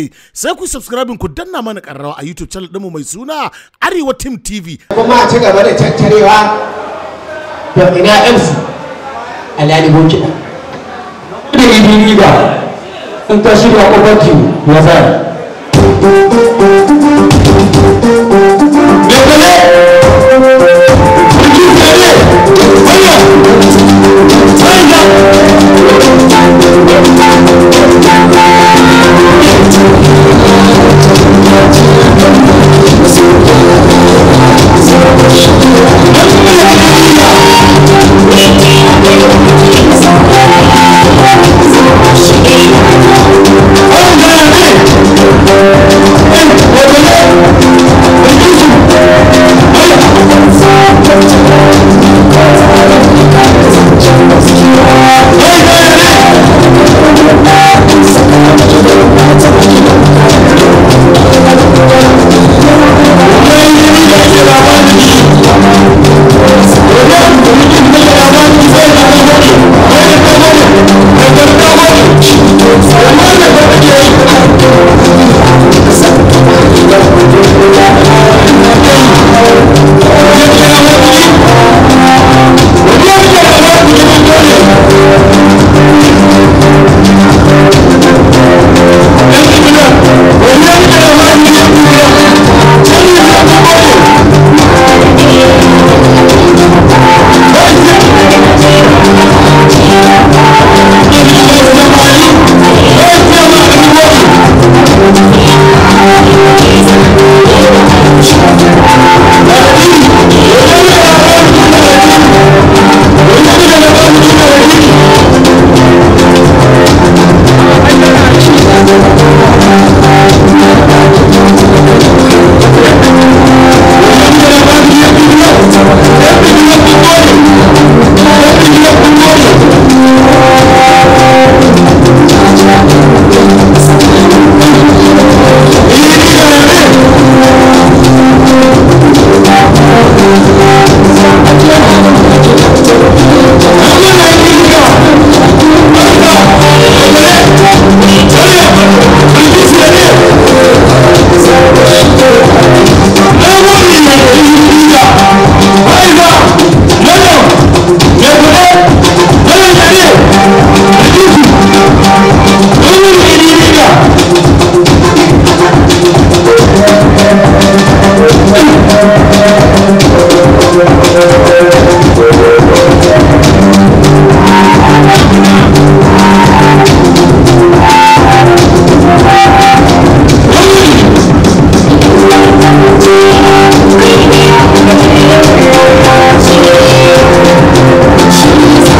Eh, sai ku subscribe ku danna mana karrawa a YouTube channel ɗinmu mai suna Arewa Team TV. Kuma a ci gaba da tattarewa da ina MC Alhali Bokina. Da yi riba in ka shirya ƙofar na zai. She's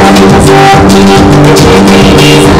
having a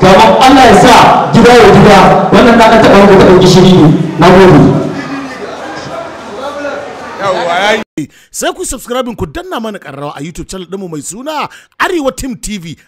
gaban Allah ya sa gida ya gida wannan na taɓa wanda ta ɗauki shiri ne na gobe sai ku subscribe ku danna mana ƙararrawa a YouTube channel ɗinmu mai suna Arewa Team TV